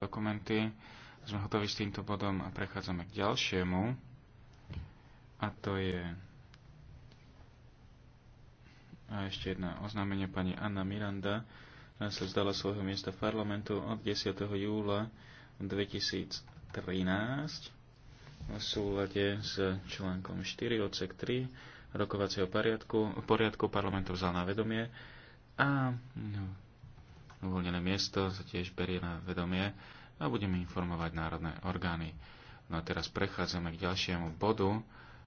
dokumenty. Sme hotoví s týmto bodom a prechádzame k ďalšiemu. A to je a ešte jedna oznámenie pani Anna Miranda sa vzdala svojho miesta v parlamentu od 10. júla 2013 v súlade s článkom 4 odsek 3 rokovacieho poriadku, poriadku parlamentu vzal na vedomie a no, uvoľnené miesto sa tiež berie na vedomie a budeme informovať národné orgány. No a teraz prechádzame k ďalšiemu bodu.